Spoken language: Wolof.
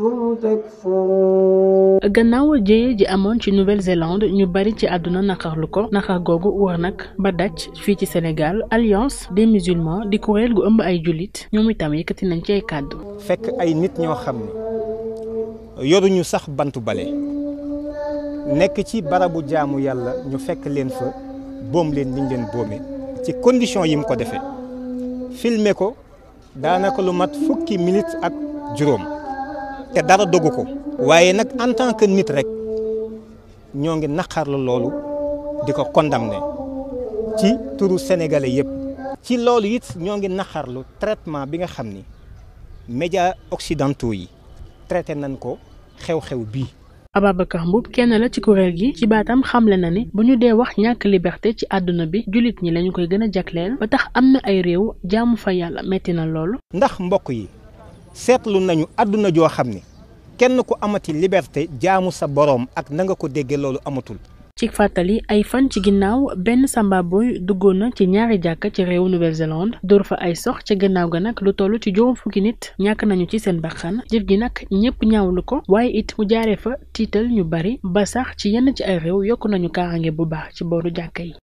كنتم تكفرون gannaaw jéye ji amoon ci Nouvelle-Zélande ñu bari ci àdduna naqarlu ko naqar googu wër nag ba daj fii ci Sénégal Alliance de musulmans di kuréel gu ëmb ay jullit ñoom itam yëkkati nañ ci ay kàddu. fekk ay nit ñoo xam ne ñu sax bantu bale nekk ci barabu jaamu yàlla ñu fekk leen fa boom leen niñ leen boomee ci condition yi mu ko defee filme ko daanaka lu mat fukki minutes ak juróom. te dara dogu ko waaye nag en tant que nit rek ñoo ngi naqarlu loolu di ko condamné ci turu sénégalais yëpp. ci loolu it ñoo ngi naqarlu traitement bi nga xam ni médias occidentaux yi traité nañ ko xew-xew bii. Ababacar Mboup kenn la ci kuréel gi ci baatam xamle na ni bu ñu dee wax ñàkk liberté ci àdduna bi jullit ñi lañu koy gën a jagleel ba tax am na ay réew jaamu fa yàlla metti na loolu. ndax mbokk yi. seetlu nañu àdduna joo xam ni kenn ku amati liberté jaamu sa boroom ak na nga ko dégge loolu amatul. ci fàttali ay fan ci ginnaaw benn samba boy duggoon na ci ñaari jàkka ci réew Nouvelle-Zélande dóor fa ay sox ca gannaaw ga nag lu toll ci juróom fukki nit ñàkk nañu ci seen bakkan jëf gi nag ñëpp ñaawlu ko waaye it mu jaaree fa tiital ñu bari ba sax ci yenn ci ay réew yokk nañu kaaraange bu baax ci booru jàkk yi.